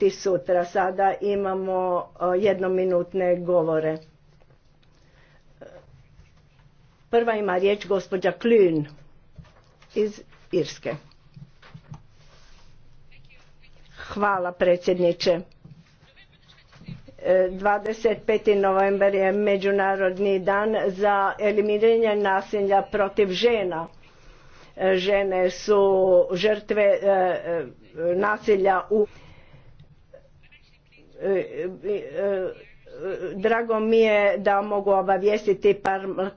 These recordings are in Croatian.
ti sutra. Sada imamo e, jednominutne govore. Prva ima riječ gospođa Klün iz Irske. Hvala predsjedniče. 25. E, novembar je međunarodni dan za eliminiranje nasilja protiv žena. E, žene su žrtve nasilja u Drago mi je da mogu obavijestiti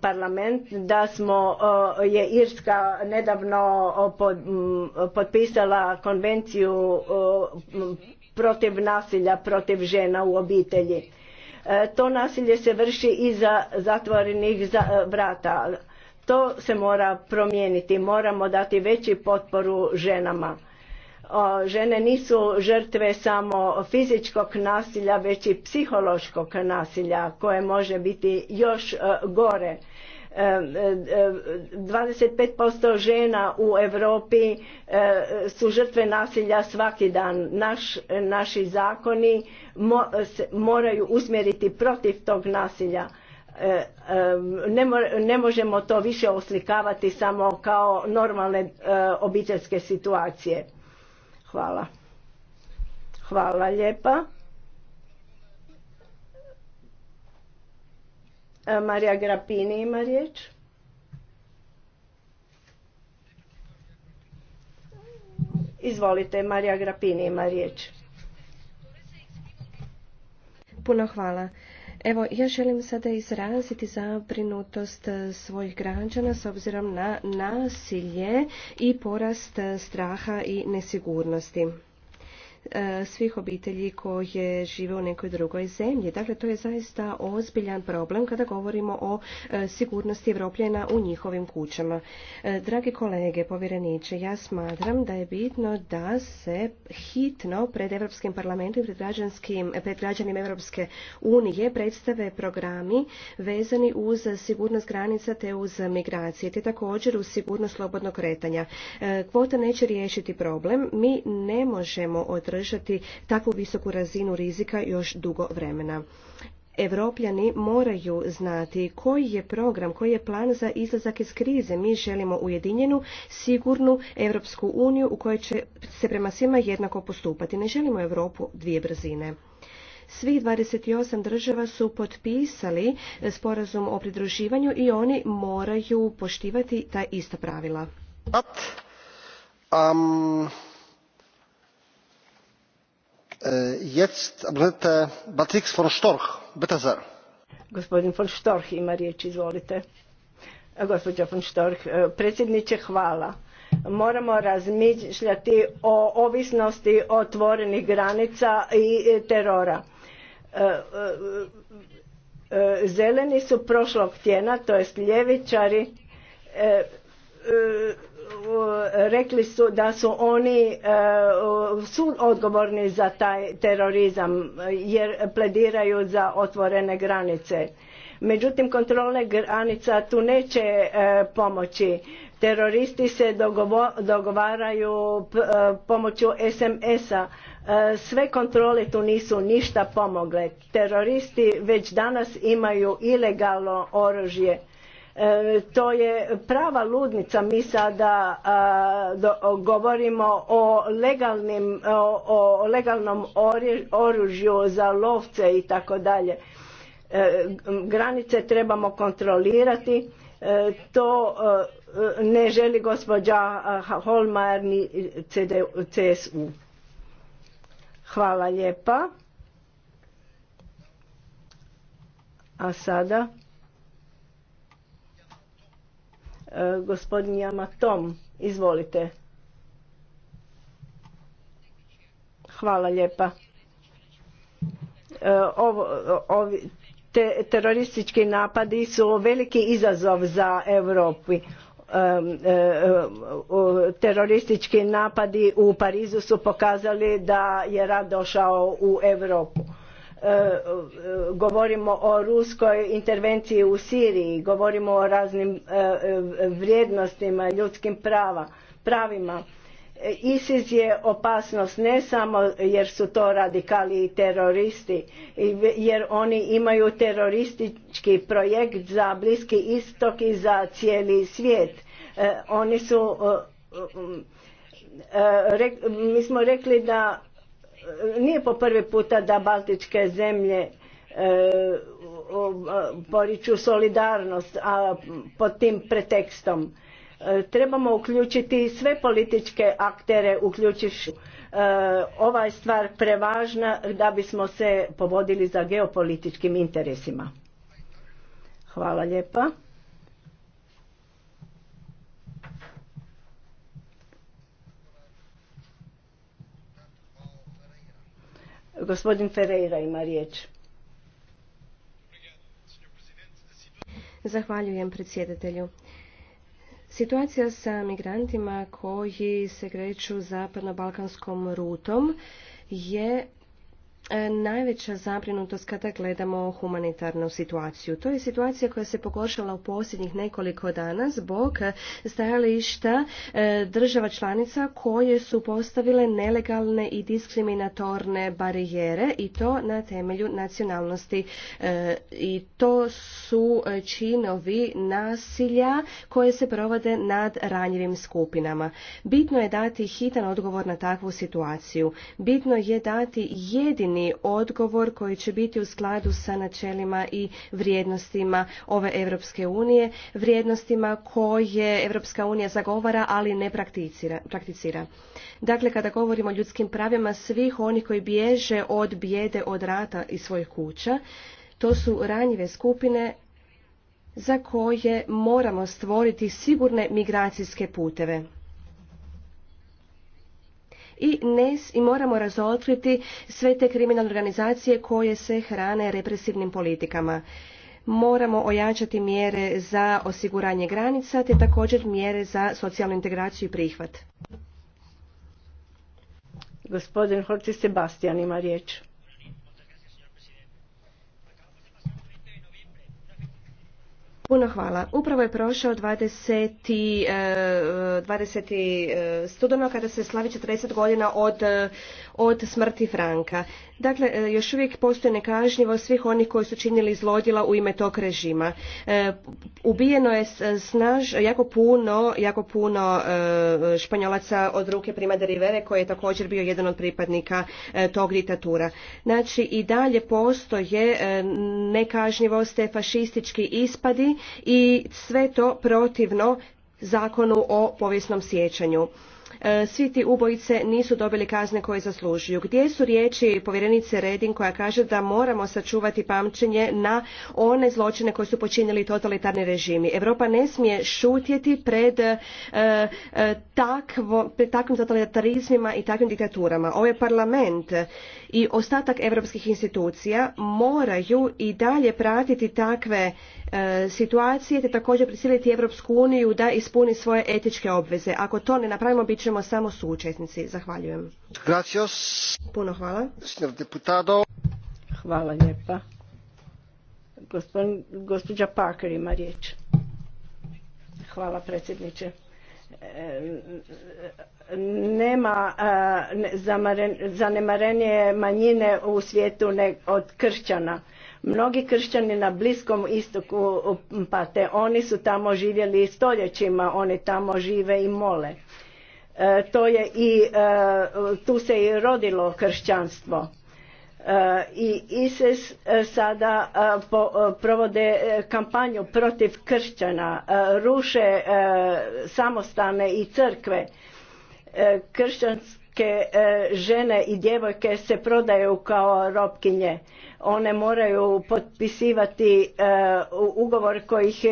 parlament da smo, je Irska nedavno potpisala konvenciju protiv nasilja protiv žena u obitelji. E, to nasilje se vrši iza zatvorenih vrata. To se mora promijeniti. Moramo dati veći potporu ženama žene nisu žrtve samo fizičkog nasilja već i psihološkog nasilja koje može biti još e, gore 25% e, e, žena u Europi su žrtve nasilja svaki dan. Naš, naši zakoni moraju usmjeriti protiv tog nasilja. Ne, ne možemo to više oslikavati samo kao normalne obiteljske situacije. Hvala. Hvala lijepa. E, Marija Grapini ima riječ. Izvolite, Marija Grapini ima riječ. Puno hvala. Evo, ja želim sada izraziti zabrinutost e, svojih građana s obzirom na nasilje i porast e, straha i nesigurnosti. E, svih obitelji koje žive u nekoj drugoj zemlji. Dakle, to je zaista ozbiljan problem kada govorimo o e, sigurnosti Evropljena u njihovim kućama. E, dragi kolege, povjereniče, ja smatram da je bitno da se hitno pred Europskim parlamentom i pred, građanima Europske unije predstave programi vezani uz sigurnost granica te uz migracije, te također uz sigurnost slobodnog kretanja. Kvota neće riješiti problem. Mi ne možemo od zadržati takvu visoku razinu rizika još dugo vremena. Evropljani moraju znati koji je program, koji je plan za izlazak iz krize. Mi želimo ujedinjenu, sigurnu Europsku uniju u kojoj će se prema svima jednako postupati. Ne želimo Europu dvije brzine. Svih 28 država su potpisali sporazum o pridruživanju i oni moraju poštivati ta ista pravila. Jetzt, von Storch, Gospodin von Storch ima riječ, izvolite. E, Gospođa von Storch, e, predsjedniče hvala. Moramo razmišljati o ovisnosti otvorenih granica i e, terora. Zeleni su prošlog tjedna, to jest ljevičari, rekli su da su oni e, su odgovorni za taj terorizam jer plediraju za otvorene granice. Međutim, kontrole granica tu neće e, pomoći. Teroristi se dogovaraju e, pomoću SMS-a. Sve kontrole tu nisu ništa pomogle. Teroristi već danas imaju ilegalno oružje E, to je prava ludnica. Mi sada govorimo o, o legalnom oružju za lovce i tako dalje. E, granice trebamo kontrolirati. E, to ne želi gospođa Holmajer ni CSU. Hvala lijepa. A sada... Gospodin Jamatom, izvolite. Hvala lijepa. E, ovo, ovi, te, teroristički napadi su veliki izazov za Europi. E, e, teroristički napadi u Parizu su pokazali da je rad došao u Europu E, e, govorimo o ruskoj intervenciji u Siriji, govorimo o raznim e, vrijednostima, ljudskim prava, pravima. ISIS je opasnost ne samo jer su to radikali i teroristi, jer oni imaju teroristički projekt za Bliski istok i za cijeli svijet. Oni su, mi smo rekli da nije po prvi puta da baltičke zemlje e, poriču solidarnost a pod tim pretekstom e, trebamo uključiti sve političke aktere uključiš e, ova stvar prevažna da bismo se povodili za geopolitičkim interesima hvala lijepa Gospodin Ferreira ima riječ. Zahvaljujem predsjedatelju. Situacija sa migrantima koji se kreću zapadno-balkanskom rutom je E, najveća zabrinutost kada gledamo humanitarnu situaciju. To je situacija koja se pogoršala u posljednjih nekoliko dana zbog stajališta e, država članica koje su postavile nelegalne i diskriminatorne barijere i to na temelju nacionalnosti. E, I to su činovi nasilja koje se provode nad ranjivim skupinama. Bitno je dati hitan odgovor na takvu situaciju. Bitno je dati jedini odgovor koji će biti u skladu sa načelima i vrijednostima ove Europske unije, vrijednostima koje Europska unija zagovara, ali ne prakticira. prakticira. Dakle, kada govorimo o ljudskim pravima svih onih koji bježe od bijede, od rata i svojih kuća, to su ranjive skupine za koje moramo stvoriti sigurne migracijske puteve i, nes, i moramo razotkriti sve te kriminalne organizacije koje se hrane represivnim politikama moramo ojačati mjere za osiguranje granica te također mjere za socijalnu integraciju i prihvat. Gospodin Horti Sebastian ima riječ. Puno hvala. Upravo je prošao 20. 20. studeno kada se slavi 40 godina od e, od smrti Franka. Dakle, e, još uvijek postoji nekažnjivost svih onih koji su činili zlodjela u ime tog režima. E, ubijeno je jako puno, jako puno e, španjolaca od ruke Prima de Rivere koji je također bio jedan od pripadnika tog diktatura. Znači i dalje postoje nekažnjivost, te fašistički ispadi i sve to protivno zakonu o povijesnom sjećanju. E, svi ti ubojice nisu dobili kazne koje zaslužuju. Gdje su riječi povjerenice Redin koja kaže da moramo sačuvati pamćenje na one zločine koje su počinili totalitarni režimi? Europa ne smije šutjeti pred, e, e, takvim totalitarizmima i takvim diktaturama. Ovaj parlament i ostatak europskih institucija moraju i dalje pratiti takve situacije te također prisiliti Europsku uniju da ispuni svoje etičke obveze. Ako to ne napravimo, bit ćemo samo suučesnici. Zahvaljujem. Gracias. Puno hvala. Deputado. Hvala lijepa. Gospodin, gospođa Parker ima riječ. Hvala predsjedniče. E, nema zanemarenje manjine u svijetu od kršćana. Mnogi kršćani na Bliskom istoku pate. Oni su tamo živjeli stoljećima, oni tamo žive i mole. E, to je i e, tu se i rodilo kršćanstvo e, i ISIS sada provode kampanju protiv kršćana, ruše samostane i crkve. Kršćanske žene i djevojke se prodaju kao robkinje. One moraju potpisivati ugovor koji ih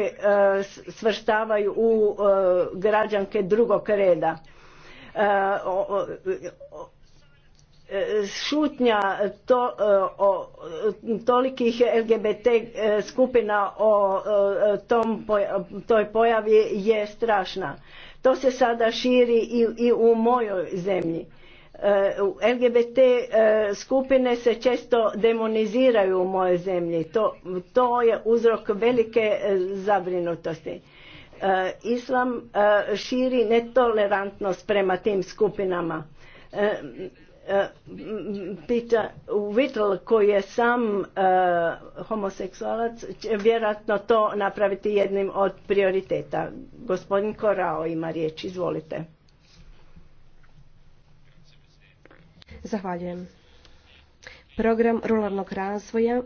svrstavaju u građanke drugog reda E, e, šutnja to, e, o, tolikih LGBT skupina o tom, toj pojavi je strašna. To se sada širi i, i u mojoj zemlji. LGBT skupine se često demoniziraju u mojoj zemlji. To, to je uzrok velike zabrinutosti E, islam e, širi netolerantnost prema tim skupinama. E, Peter Whittle koji je sam homoseksualac će vjerojatno to napraviti jednim od prioriteta. Gospodin Korao ima riječ, izvolite. Zahvaljujem. Program ruralnog razvoja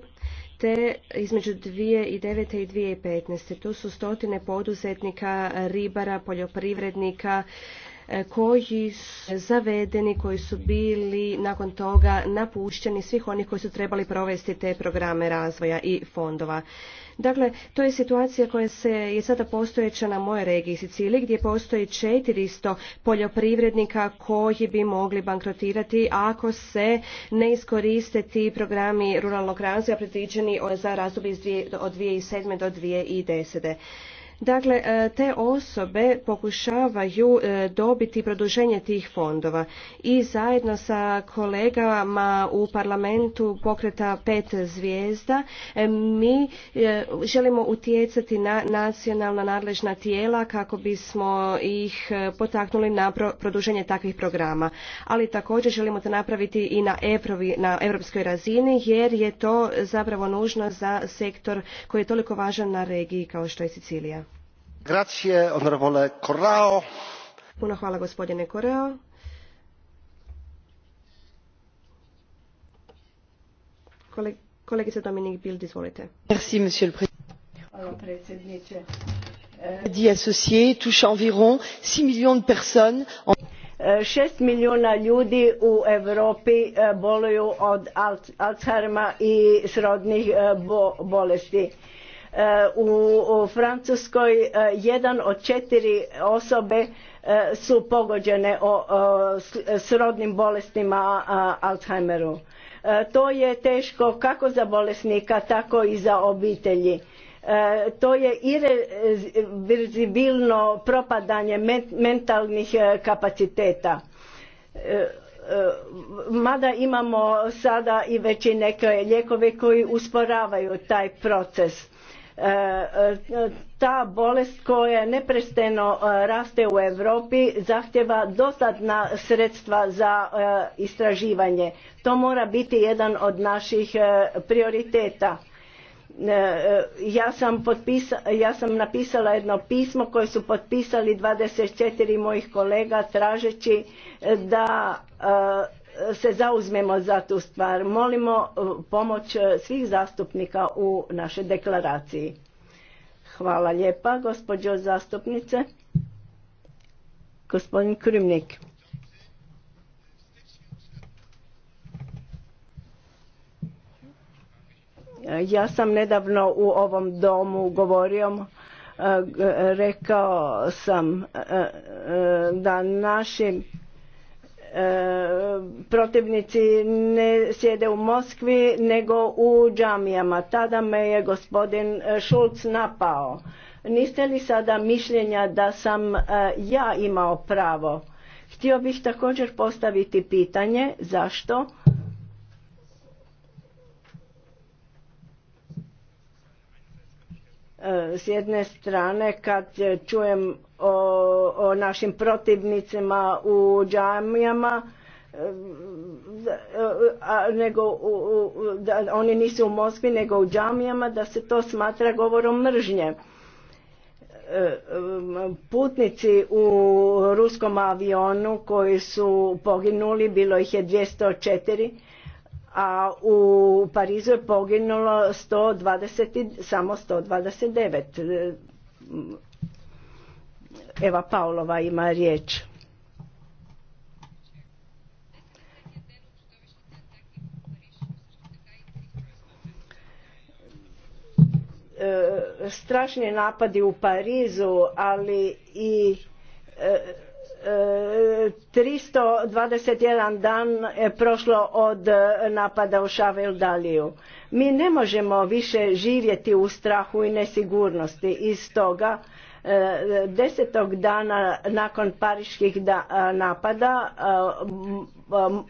te između 2009. i 2015. Tu su stotine poduzetnika, ribara, poljoprivrednika e, koji su zavedeni, koji su bili nakon toga napušteni svih onih koji su trebali provesti te programe razvoja i fondova. Dakle, to je situacija koja se je sada postojeća na mojoj regiji Siciliji gdje postoji 400 poljoprivrednika koji bi mogli bankrotirati ako se ne iskoriste ti programi ruralnog razvoja predviđeni za razdoblje od 2007. do 2010. Dakle, e, te osobe pokušavaju e, dobiti produženje tih fondova i zajedno sa kolegama u parlamentu pokreta pet zvijezda e, mi želimo utjecati na nacionalna nadležna tijela kako bismo ih potaknuli na produženje takvih programa. Ali također želimo to napraviti i na, Eprovi, na europskoj razini jer je to zapravo nužno za sektor koji je toliko važan na regiji kao što je Sicilija. Grazie, hvala gospodine correia kolegice Dominik Bild, izvolite. monsieur predsjedniče. Euh, environ 6 millions de personnes. Euh, šest milijuna ljudi u europi euh, boluju od alzheimera i srodnih bolesti u Francuskoj e, jedan od četiri osobe e, su pogođene srodnim bolestima Alzheimeru. E, to je teško kako za bolesnika, tako i za obitelji. To je irreverzibilno propadanje mentalnih kapaciteta mada imamo sada i već i neke lijekove koji usporavaju taj proces ta bolest koja neprestano e, raste u Europi zahtjeva dostatna sredstva za e, istraživanje. To mora biti jedan od naših e, prioriteta. Ja sam, ja sam napisala jedno pismo koje su potpisali 24 mojih kolega tražeći da se zauzmemo za tu stvar. Molimo e, pomoć e, svih zastupnika u našoj deklaraciji. Hvala lijepa, gospođo zastupnice. Gospodin Krimnik. Ja sam nedavno u ovom domu govorio, e, rekao sam da naši E, protivnici ne sjede u Moskvi nego u džamijama. Tada me je gospodin e, Šulc napao. Niste li sada mišljenja da sam e, ja imao pravo? Htio bih također postaviti pitanje zašto E, s jedne strane kad čujem o, našim protivnicima u džamijama, e, nego u, da oni nisu u Moskvi nego u džamijama da se to smatra govorom mržnje e, putnici u ruskom avionu koji su poginuli bilo ih je 204 a u Parizu je poginulo 120, samo 129. Eva Paulova ima riječ. E, strašni napadi u Parizu, ali i e, 321 e, dan je prošlo od e, napada u Šavel Daliju. Mi ne možemo više živjeti u strahu i nesigurnosti. I stoga e, desetog dana nakon pariških napada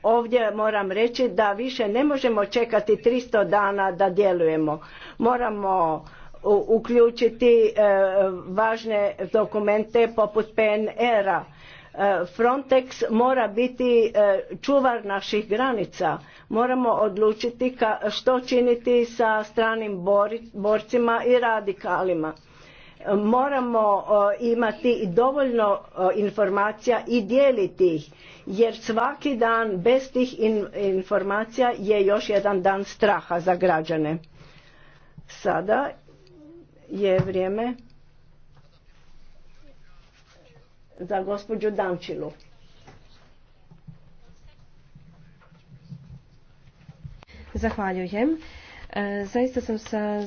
ovdje moram reći da više ne možemo čekati 300 dana da djelujemo. Moramo uključiti važne dokumente poput PNR-a E, Frontex mora biti e, čuvar naših granica. Moramo odlučiti što činiti sa stranim borcima i radikalima. E, moramo imati dovoljno informacija i dijeliti ih, jer svaki dan bez tih informacija je još jedan dan straha za građane. Sada je vrijeme za gospođu Dančilu. Zahvaljujem. Zaista sam sa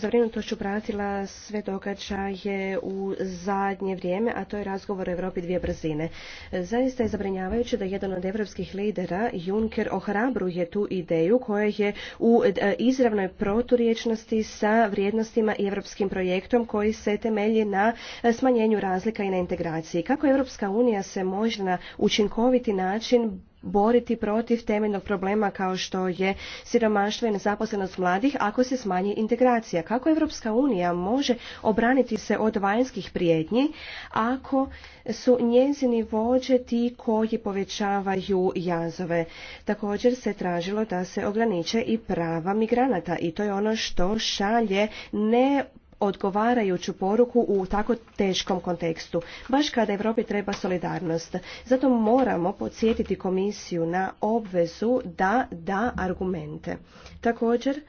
zavrinutošću pratila sve događaje u zadnje vrijeme, a to je razgovor o Europi dvije brzine. Zaista je zabrinjavajuće da jedan od europskih lidera, Juncker, ohrabruje tu ideju koja je u e, izravnoj proturječnosti sa vrijednostima i europskim projektom koji se temelji na e, smanjenju razlika i na integraciji. Kako Evropska unija se možda na učinkoviti način boriti protiv temeljnog problema kao što je siromaštvo i nezaposlenost mladih ako se smanji integracija. Kako Europska unija može obraniti se od vanjskih prijetnji ako su njezini vođe ti koji povećavaju jazove. Također se tražilo da se ograniče i prava migranata i to je ono što šalje ne odgovarajuću poruku u tako teškom kontekstu, baš kada Europi treba solidarnost. Zato moramo podsjetiti komisiju na obvezu da da argumente. Također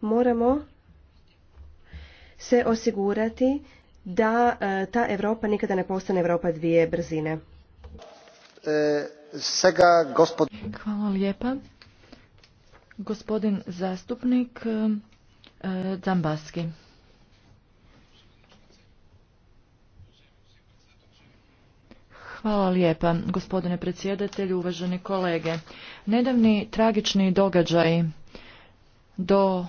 moramo se osigurati da e, ta Europa nikada ne postane Europa dvije brzine. E, sega Hvala lijepa. Gospodin zastupnik e, Zambaski. Hvala lijepa, gospodine predsjedatelju, uvaženi kolege. Nedavni tragični događaj do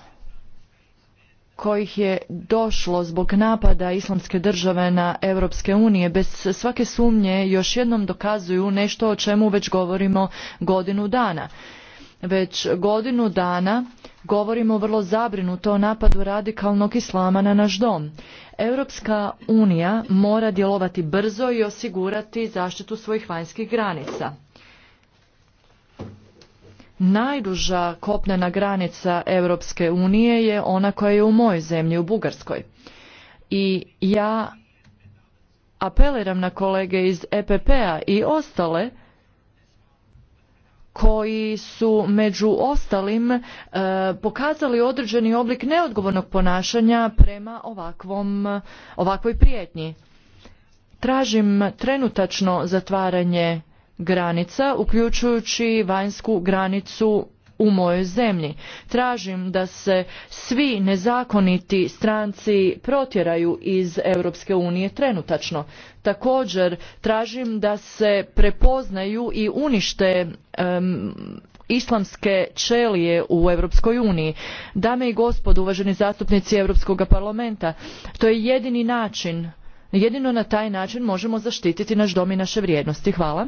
kojih je došlo zbog napada islamske države na Europske unije bez svake sumnje još jednom dokazuju nešto o čemu već govorimo godinu dana. Već godinu dana Govorimo vrlo zabrinuto o napadu radikalnog islama na naš dom. Europska unija mora djelovati brzo i osigurati zaštitu svojih vanjskih granica. Najduža kopnena granica Europske unije je ona koja je u mojoj zemlji, u Bugarskoj. I ja apeliram na kolege iz EPP-a i ostale koji su među ostalim e, pokazali određeni oblik neodgovornog ponašanja prema ovakvom, ovakvoj prijetnji. Tražim trenutačno zatvaranje granica, uključujući vanjsku granicu u mojoj zemlji. Tražim da se svi nezakoniti stranci protjeraju iz Europske unije trenutačno. Također tražim da se prepoznaju i unište islamske čelije u europskoj uniji dame i gospodo uvaženi zastupnici europskog parlamenta to je jedini način jedino na taj način možemo zaštititi naš dom i naše vrijednosti hvala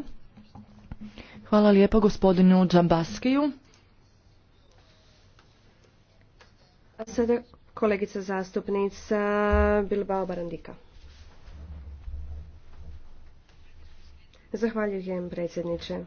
hvala lijepo gospodinu Džambaskiju A sada kolegica zastupnica Bilbao Barandika. Zahvaljujem predsjedniče.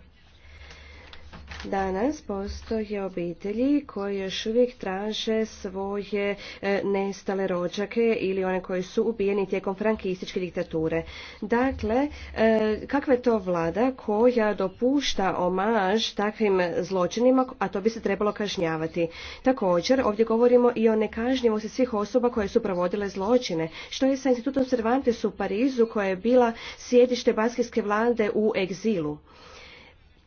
Danas postoje obitelji koji još uvijek traže svoje e, nestale rođake ili one koji su ubijeni tijekom frankističke diktature. Dakle, e, kakva je to vlada koja dopušta omaž takvim zločinima, a to bi se trebalo kažnjavati. Također, ovdje govorimo i o nekažnjivosti svih osoba koje su provodile zločine. Što je sa institutom Cervantes u Parizu koja je bila sjedište baskijske vlade u egzilu?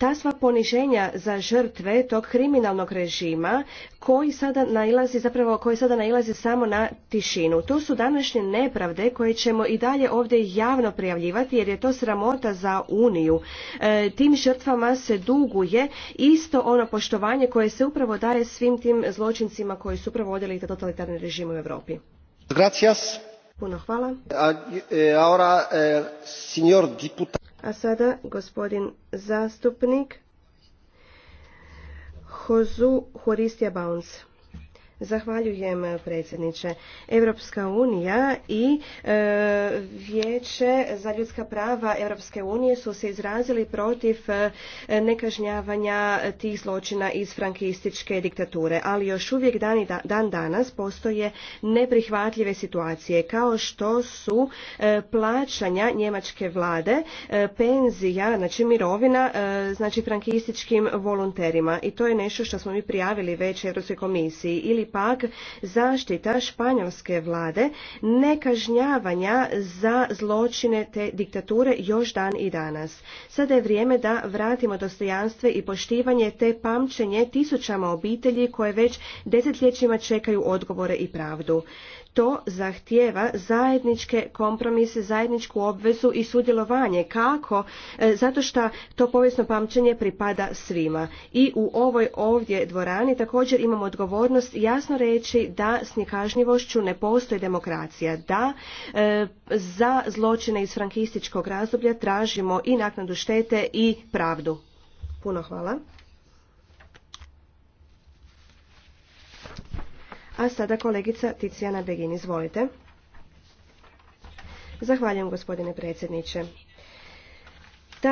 ta sva poniženja za žrtve tog kriminalnog režima koji sada nailazi zapravo koji sada nailazi samo na tišinu to su današnje nepravde koje ćemo i dalje ovdje javno prijavljivati jer je to sramota za uniju e, tim žrtvama se duguje isto ono poštovanje koje se upravo daje svim tim zločincima koji su provodili totalitarni režim u Europi Gracias puno hvala A, e, e, a sada gospodin zastupnik Hozu Horistija Bounce. Zahvaljujem eh, predsjedniče. Europska unija i e, Vijeće za ljudska prava Europske unije su se izrazili protiv eh, nekažnjavanja tih zločina iz frankističke diktature, ali još uvijek dan, dan danas postoje neprihvatljive situacije kao što su plaćanja njemačke vlade, penzija, znači mirovina, znači frankističkim volonterima i to je nešto što smo mi prijavili već Europskoj komisiji ili pak zaštita španjolske vlade nekažnjavanja za zločine te diktature još dan i danas. Sada je vrijeme da vratimo dostojanstve i poštivanje te pamćenje tisućama obitelji koje već desetljećima čekaju odgovore i pravdu to zahtijeva zajedničke kompromise, zajedničku obvezu i sudjelovanje. Kako? E, zato što to povijesno pamćenje pripada svima. I u ovoj ovdje dvorani također imamo odgovornost jasno reći da s nekažnjivošću ne postoji demokracija. Da e, za zločine iz frankističkog razdoblja tražimo i naknadu štete i pravdu. Puno hvala. A sada kolegica Ticijana Begin, izvolite. Zahvaljujem gospodine predsjedniče.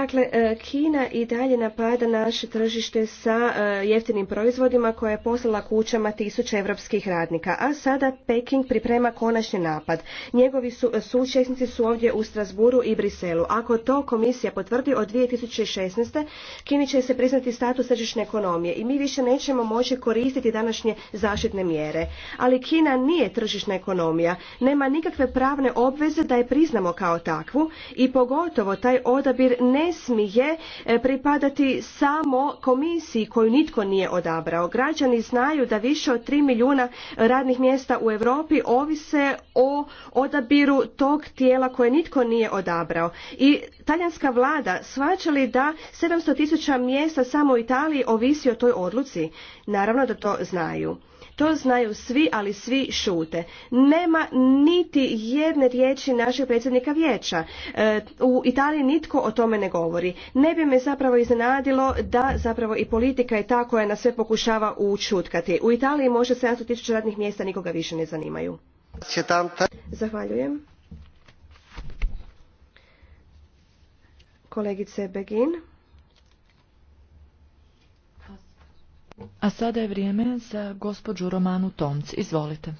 Dakle, e, Kina i dalje napada naše tržište sa e, jeftinim proizvodima koje je poslala kućama tisuća evropskih radnika, a sada Peking priprema konačni napad. Njegovi su, e, sučesnici su ovdje u Strasburu i Briselu. Ako to komisija potvrdi od 2016. Kini će se priznati status tržišne ekonomije i mi više nećemo moći koristiti današnje zaštitne mjere. Ali Kina nije tržišna ekonomija, nema nikakve pravne obveze da je priznamo kao takvu i pogotovo taj odabir ne ne smije e, pripadati samo komisiji koju nitko nije odabrao. Građani znaju da više od 3 milijuna radnih mjesta u Europi ovise o odabiru tog tijela koje nitko nije odabrao. I talijanska vlada shvaća li da 700 tisuća mjesta samo u Italiji ovisi o toj odluci? Naravno da to znaju. To znaju svi, ali svi šute. Nema niti jedne riječi našeg predsjednika vijeća. E, u Italiji nitko o tome ne govori. Ne bi me zapravo iznenadilo da zapravo i politika je ta koja nas sve pokušava učutkati. U Italiji može sedamsto tisuća radnih mjesta nikoga više ne zanimaju. Zahvaljujem. Kolegice Begin. A sada je vrijeme za gospođu Romanu Tomc. Izvolite.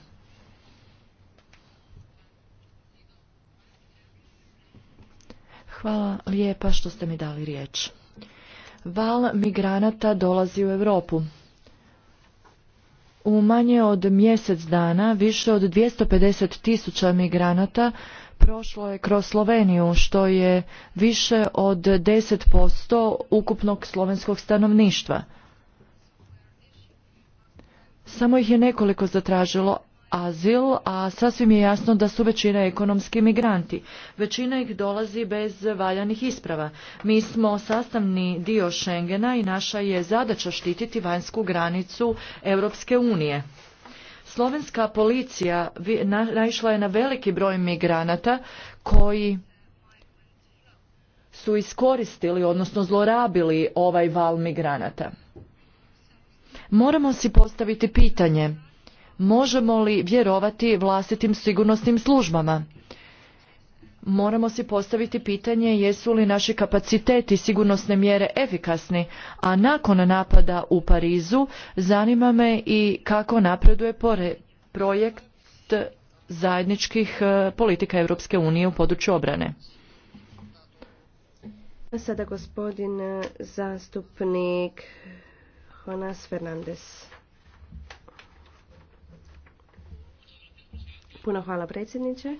Hvala lijepa što ste mi dali riječ. Val migranata dolazi u Europu. U manje od mjesec dana više od 250 tisuća migranata prošlo je kroz Sloveniju, što je više od 10% ukupnog slovenskog stanovništva. Samo ih je nekoliko zatražilo azil, a sasvim je jasno da su većina ekonomski migranti. Većina ih dolazi bez valjanih isprava. Mi smo sastavni dio Schengena i naša je zadaća štititi vanjsku granicu Europske unije. Slovenska policija naišla je na veliki broj migranata koji su iskoristili, odnosno zlorabili ovaj val migranata. Moramo si postaviti pitanje, možemo li vjerovati vlastitim sigurnosnim službama? Moramo si postaviti pitanje jesu li naši kapaciteti sigurnosne mjere efikasni, a nakon napada u Parizu zanima me i kako napreduje projekt zajedničkih e, politika Europske unije u području obrane. Sada gospodin e, zastupnik Jonas Fernandez. Puno hvala predsjedniče.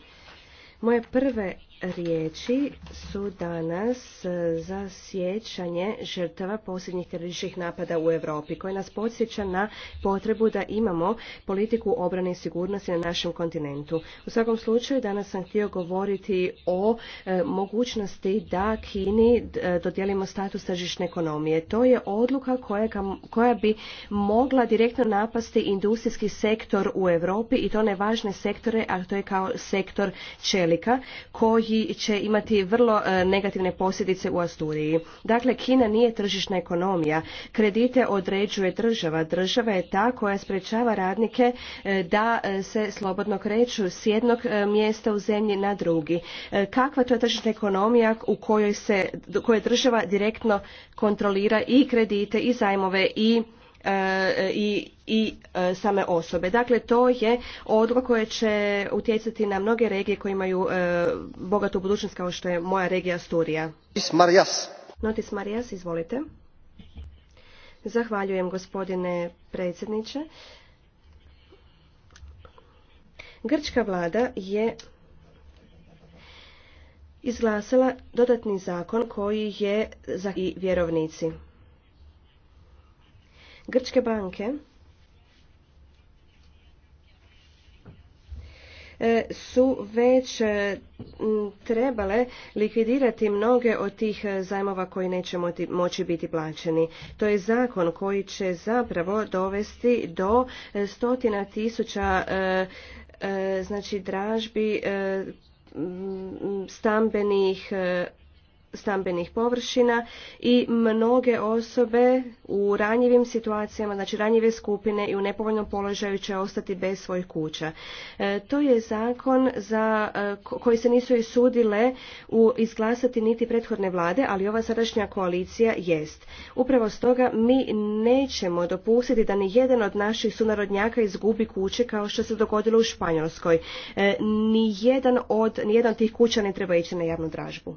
Moje prve riječi su danas e, za sjećanje žrtava posljednjih terorističkih napada u Europi koje nas podsjeća na potrebu da imamo politiku obrane i sigurnosti na našem kontinentu. U svakom slučaju danas sam htio govoriti o e, mogućnosti da Kini e, dodijelimo status tržišne ekonomije. To je odluka koja, koja bi mogla direktno napasti industrijski sektor u Europi i to ne važne sektore, a to je kao sektor čelika koji će imati vrlo e, negativne posljedice u Asturiji. Dakle, Kina nije tržišna ekonomija. Kredite određuje država. Država je ta koja sprečava radnike e, da e, se slobodno kreću s jednog mjesta u zemlji na drugi. Kakva to je tržišna ekonomija u kojoj se, koje država direktno kontrolira i kredite i zajmove i E, i, i e, same osobe. Dakle, to je odlo koje će utjecati na mnoge regije koje imaju e, bogatu budućnost kao što je moja regija Sturija. Marijas. Notis Marijas, izvolite. Zahvaljujem gospodine predsjedniče. Grčka vlada je izglasala dodatni zakon koji je za i vjerovnici. Grčke banke e, su već e, trebale likvidirati mnoge od tih e, zajmova koji neće moći biti plaćeni. To je zakon koji će zapravo dovesti do stotina tisuća znači dražbi stambenih stambenih površina i mnoge osobe u ranjivim situacijama, znači ranjive skupine i u nepovoljnom položaju će ostati bez svojih kuća. E, to je zakon za e, koji se nisu isudile u izglasati niti prethodne vlade, ali ova sadašnja koalicija jest. Upravo stoga mi nećemo dopustiti da ni jedan od naših sunarodnjaka izgubi kuće kao što se dogodilo u Španjolskoj. E, ni jedan od tih kuća ne treba ići na javnu dražbu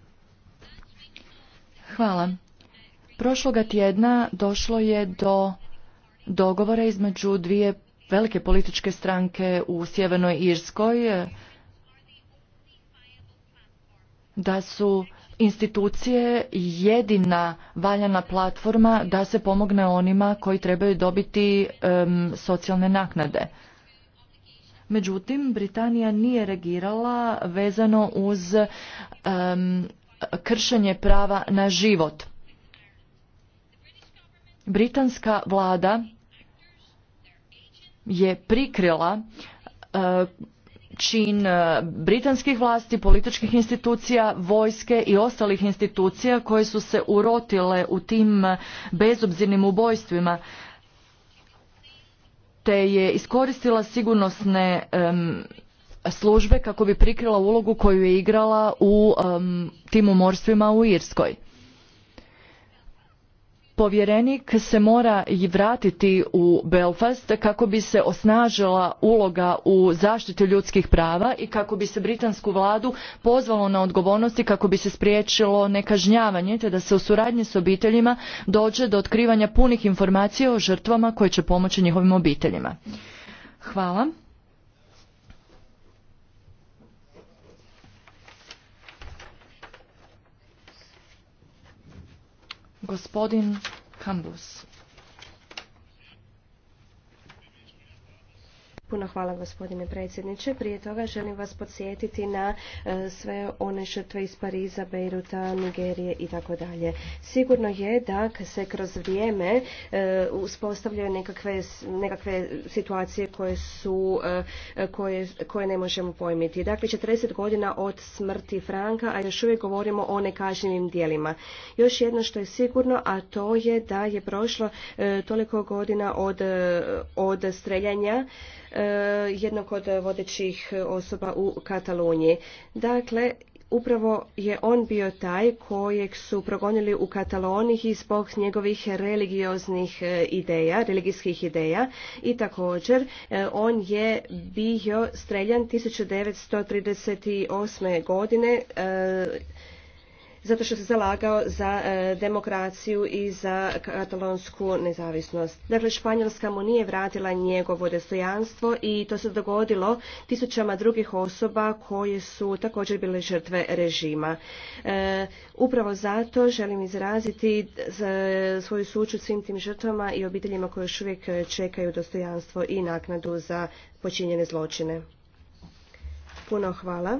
Hvala. Prošloga tjedna došlo je do dogovora između dvije velike političke stranke u Sjevernoj Irskoj da su institucije jedina valjana platforma da se pomogne onima koji trebaju dobiti socijalne naknade. Međutim, Britanija nije regirala vezano uz kršenje prava na život. Britanska vlada je prikrila e, čin e, britanskih vlasti, političkih institucija, vojske i ostalih institucija koje su se urotile u tim bezobzirnim ubojstvima te je iskoristila sigurnosne službe kako bi prikrila ulogu koju je igrala u tim umorstvima u Irskoj. Povjerenik se mora i vratiti u Belfast kako bi se osnažila uloga u zaštiti ljudskih prava i kako bi se britansku vladu pozvalo na odgovornosti kako bi se spriječilo nekažnjavanje te da se u suradnji s obiteljima dođe do otkrivanja punih informacija o žrtvama koje će pomoći njihovim obiteljima. Hvala. Gospodin Kambus. hvala gospodine predsjedniče. Prije toga želim vas podsjetiti na e, sve one žrtve iz Pariza, Beiruta, Nigerije i tako dalje. Sigurno je da se kroz vrijeme e, uspostavljaju nekakve, situacije koje su e, koje, ne možemo pojmiti. Dakle, 40 godina od smrti Franka, a još uvijek govorimo o nekažnjivim dijelima. Još jedno što je sigurno, a to je da je prošlo toliko godina od, od streljanja E, jednog od vodećih osoba u Kataloniji. Dakle, upravo je on bio taj kojeg su progonili u Kataloniji zbog njegovih religioznih e, ideja, religijskih ideja i također e, on je bio streljan 1938. godine zato što se zalagao za e, demokraciju i za katalonsku nezavisnost. Dakle, Španjolska mu nije vratila njegovo dostojanstvo i to se dogodilo tisućama drugih osoba koje su također bile žrtve režima. E, upravo zato želim izraziti e, svoju suču svim tim žrtvama i obiteljima koje još uvijek čekaju dostojanstvo i naknadu za počinjene zločine. Puno hvala.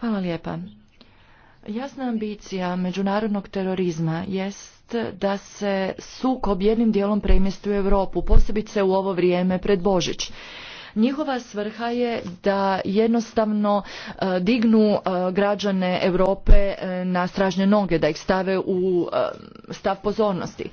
Hvala lijepa. Jasna ambicija međunarodnog terorizma jest da se sukob jednim dijelom premjestuje u Europu, posebice u ovo vrijeme pred Božić. Njihova svrha je da jednostavno e, dignu e, građane Europe e, na stražnje noge, da ih stave u stav pozornosti.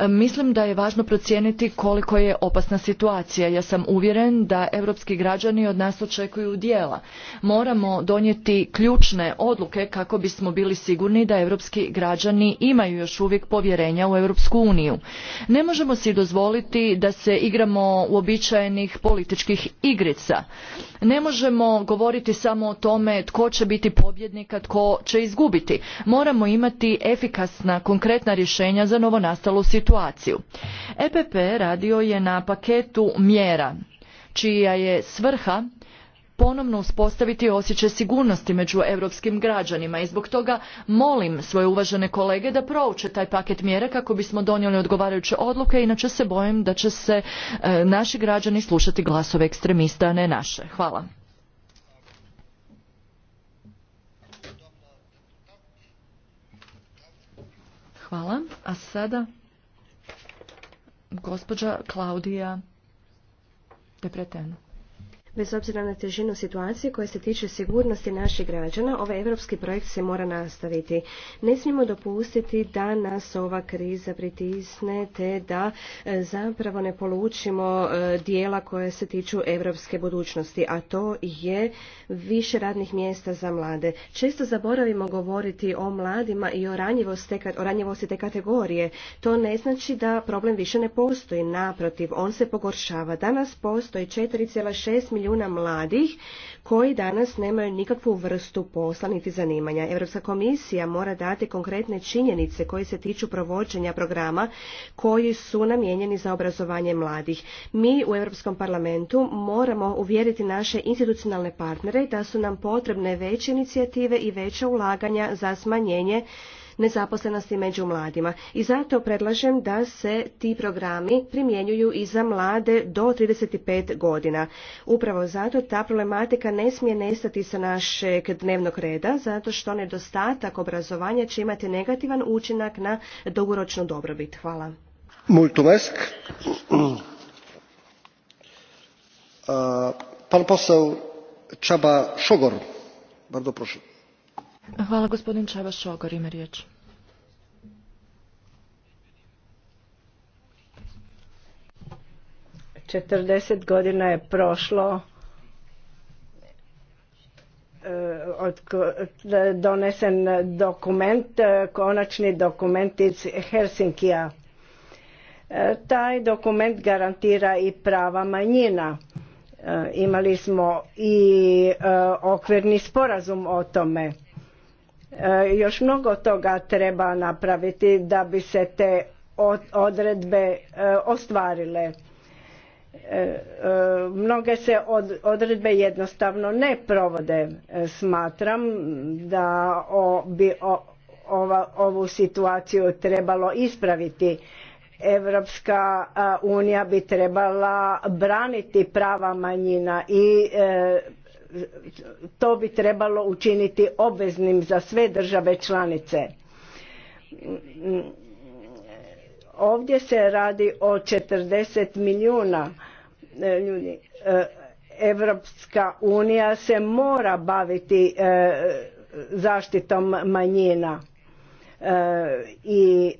Mislim da je važno procijeniti koliko je opasna situacija. Ja sam uvjeren da europski građani od nas očekuju dijela. Moramo donijeti ključne odluke kako bismo bili sigurni da europski građani imaju još uvijek povjerenja u Europsku uniju. Ne možemo si dozvoliti da se igramo uobičajenih političkih igrica. Ne možemo govoriti samo o tome tko će biti pobjednik, a tko će izgubiti. Moramo imati efikasna, konkretna rješenja za novonastalu situaciju. EPP radio je na paketu mjera čija je svrha ponovno uspostaviti osjećaj sigurnosti među europskim građanima i zbog toga molim svoje uvažene kolege da prouče taj paket mjera kako bismo donijeli odgovarajuće odluke inače se bojim da će se e, naši građani slušati glasove ekstremista a ne naše. Hvala. Hvala. A sada gospođa Klaudija Depretenu. Bez obzira na težinu situacije koja se tiče sigurnosti naših građana, ovaj europski projekt se mora nastaviti. Ne smijemo dopustiti da nas ova kriza pritisne te da e, zapravo ne polučimo e, dijela koje se tiču europske budućnosti, a to je više radnih mjesta za mlade. Često zaboravimo govoriti o mladima i o ranjivosti, o ranjivosti te kategorije. To ne znači da problem više ne postoji. Naprotiv, on se pogoršava. Danas postoji 4,6 milijuna milijuna mladih koji danas nemaju nikakvu vrstu posla niti zanimanja. Europska komisija mora dati konkretne činjenice koje se tiču provođenja programa koji su namijenjeni za obrazovanje mladih. Mi u Europskom parlamentu moramo uvjeriti naše institucionalne partnere da su nam potrebne veće inicijative i veća ulaganja za smanjenje nezaposlenosti među mladima. I zato predlažem da se ti programi primjenjuju i za mlade do 35 godina. Upravo zato ta problematika ne smije nestati sa našeg dnevnog reda, zato što nedostatak obrazovanja će imati negativan učinak na dugoročnu dobrobit. Hvala. Multumesk. Pan posao Čaba Šogor, Bardzo proszę. Hvala gospodin Čeva Šogor, ima riječ. Četrdeset godina je prošlo eh, od donesen dokument, eh, konačni dokument iz Helsinkija. Eh, taj dokument garantira i prava manjina. Imali smo i okvirni sporazum o tome E, još mnogo toga treba napraviti da bi se te odredbe e, ostvarile. E, mnoge se odredbe jednostavno ne provode. Smatram da bi ovu situaciju trebalo ispraviti. Europska unija bi trebala braniti prava manjina i to bi trebalo učiniti obveznim za sve države članice. Ovdje se radi o 40 milijuna e, ljudi. E, Evropska unija se mora baviti e, zaštitom manjina i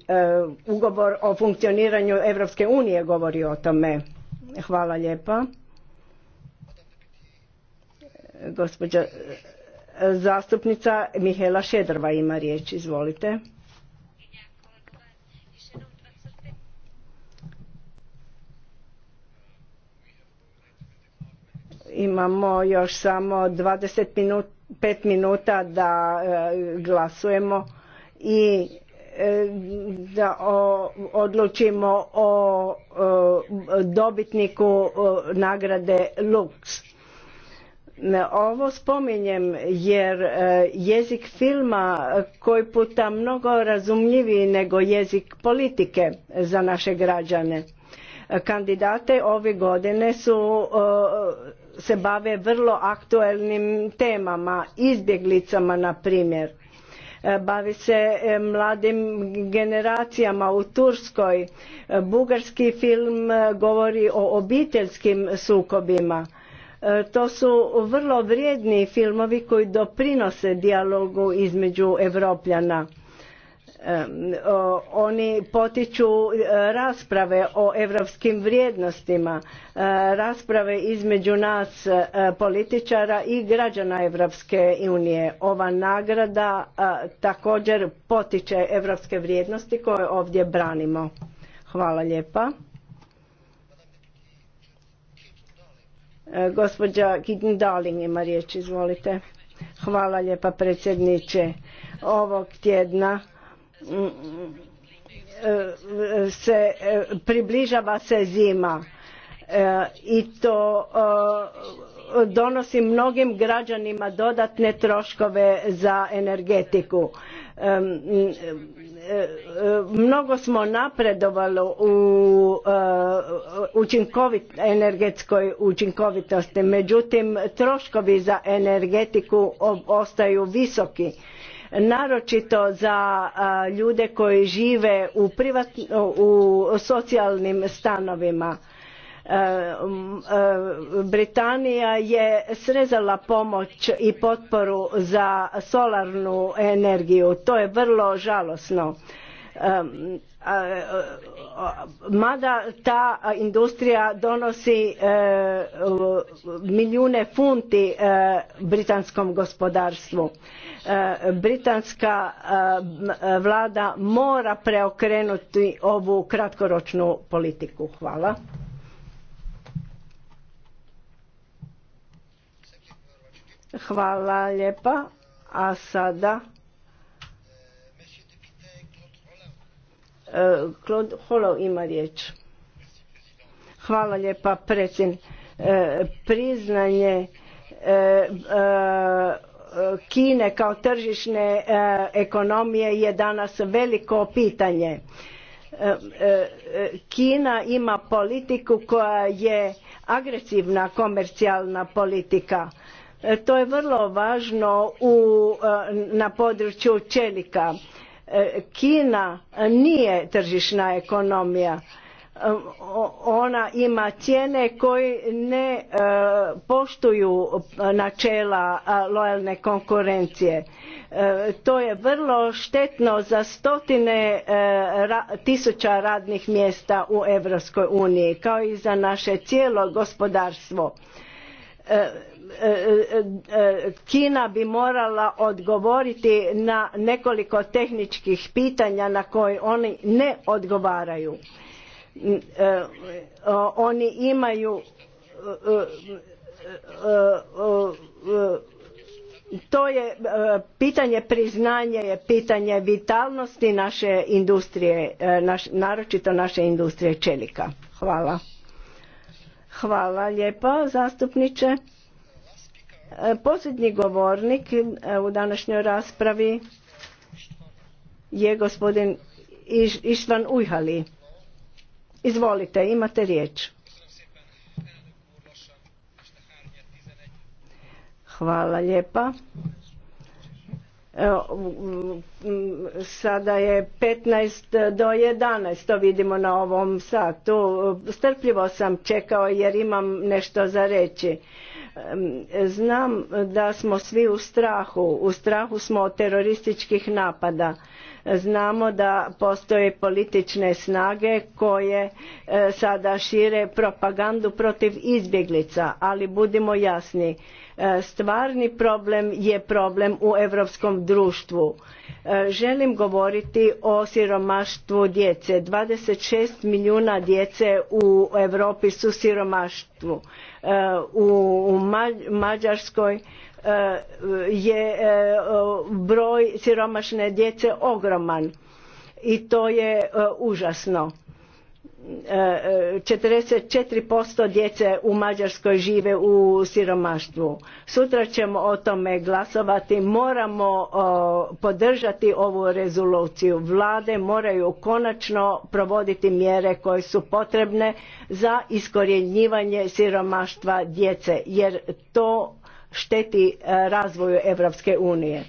ugovor o funkcioniranju Evropske unije govori o tome. Hvala lijepa. Gospođa e, zastupnica Mihela Šedrva ima riječ, izvolite. Imamo još samo 25 pet minuta da e, glasujemo i e, da odlučimo o, dobitniku nagrade Lux ovo spominjem jer e, jezik filma koji puta mnogo razumljiviji nego jezik politike za naše građane. Kandidate ove godine su e, se bave vrlo aktuelnim temama, izbjeglicama na primjer. E, Bavi se mladim generacijama u Turskoj. Bugarski film govori o obiteljskim sukobima E, to su vrlo vrijedni filmovi koji doprinose dijalogu između Evropljana. E, oni potiču e, rasprave o europskim vrijednostima, rasprave između nas političara i građana Europske unije. Ova nagrada također potiče europske vrijednosti koje ovdje branimo. Hvala lijepa. E, gospođa King ima riječ, izvolite. Hvala lijepa predsjedniče. Ovog tjedna mm, e, se e, približava se zima i to donosi mnogim građanima dodatne troškove za energetiku mnogo smo napredovali u e, energetskoj učinkovitosti, međutim troškovi za energetiku ostaju visoki naročito za ljude koji žive u, u socijalnim stanovima E, e, Britanija je srezala pomoć i potporu za solarnu energiju. To je vrlo žalosno. E, mada ta industrija donosi milijune funti britanskom gospodarstvu. Britanska vlada mora preokrenuti ovu kratkoročnu politiku. Hvala. Hvala lijepa. A sada... E, Claude Hollow ima riječ. Hvala lijepa predsjednik. E, priznanje e, Kine kao tržišne ekonomije je danas veliko pitanje. Kina ima politiku koja je agresivna komercijalna politika E, to je vrlo važno e, na području čelika. E, Kina nije tržišna ekonomija. Ona ima cijene koje ne poštuju načela lojalne konkurencije. To je vrlo štetno za stotine tisuća radnih mjesta u Europskoj uniji kao i za naše cijelo gospodarstvo E, e, e, Kina bi morala odgovoriti na nekoliko tehničkih pitanja na koje oni ne odgovaraju. Oni imaju to je pitanje priznanja je pitanje vitalnosti naše industrije, naš, naročito naše industrije čelika. Hvala. Hvala lijepa zastupniče. E, posljednji govornik e, u današnjoj raspravi je gospodin Ištvan Ujhali. Izvolite, imate riječ. Hvala lijepa. Sada je 15 do 11, to vidimo na ovom satu. Strpljivo sam čekao jer imam nešto za reći. Znam da smo svi u strahu, u strahu smo od terorističkih napada Znamo da postoje politične snage koje e, sada šire propagandu protiv izbjeglica, ali budimo jasni, e, stvarni problem je problem u europskom društvu. E, želim govoriti o siromaštvu djece. 26 milijuna djece u Europi su siromaštvu. U Mađarskoj je e, broj siromašne djece ogroman i to je e, užasno. 44% e, djece u Mađarskoj žive u siromaštvu. Sutra ćemo o tome glasovati. Moramo podržati ovu rezoluciju. Vlade moraju konačno provoditi mjere koje su potrebne za iskorjenjivanje siromaštva djece jer to šteti e, razvoju Europske unije.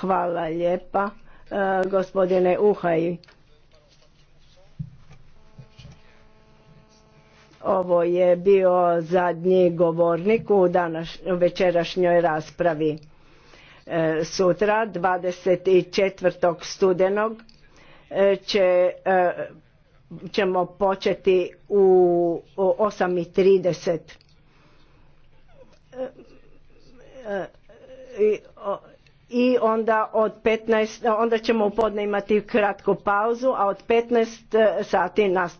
Hvala lijepa e, gospodine Uhaj. Ovo je bio zadnji govornik u večerašnjoj raspravi. E, sutra, 24. studenog, ćemo početi u 8.30 i onda od 15, onda ćemo u podne imati kratku pauzu, a od 15 eh, sati nastavljamo.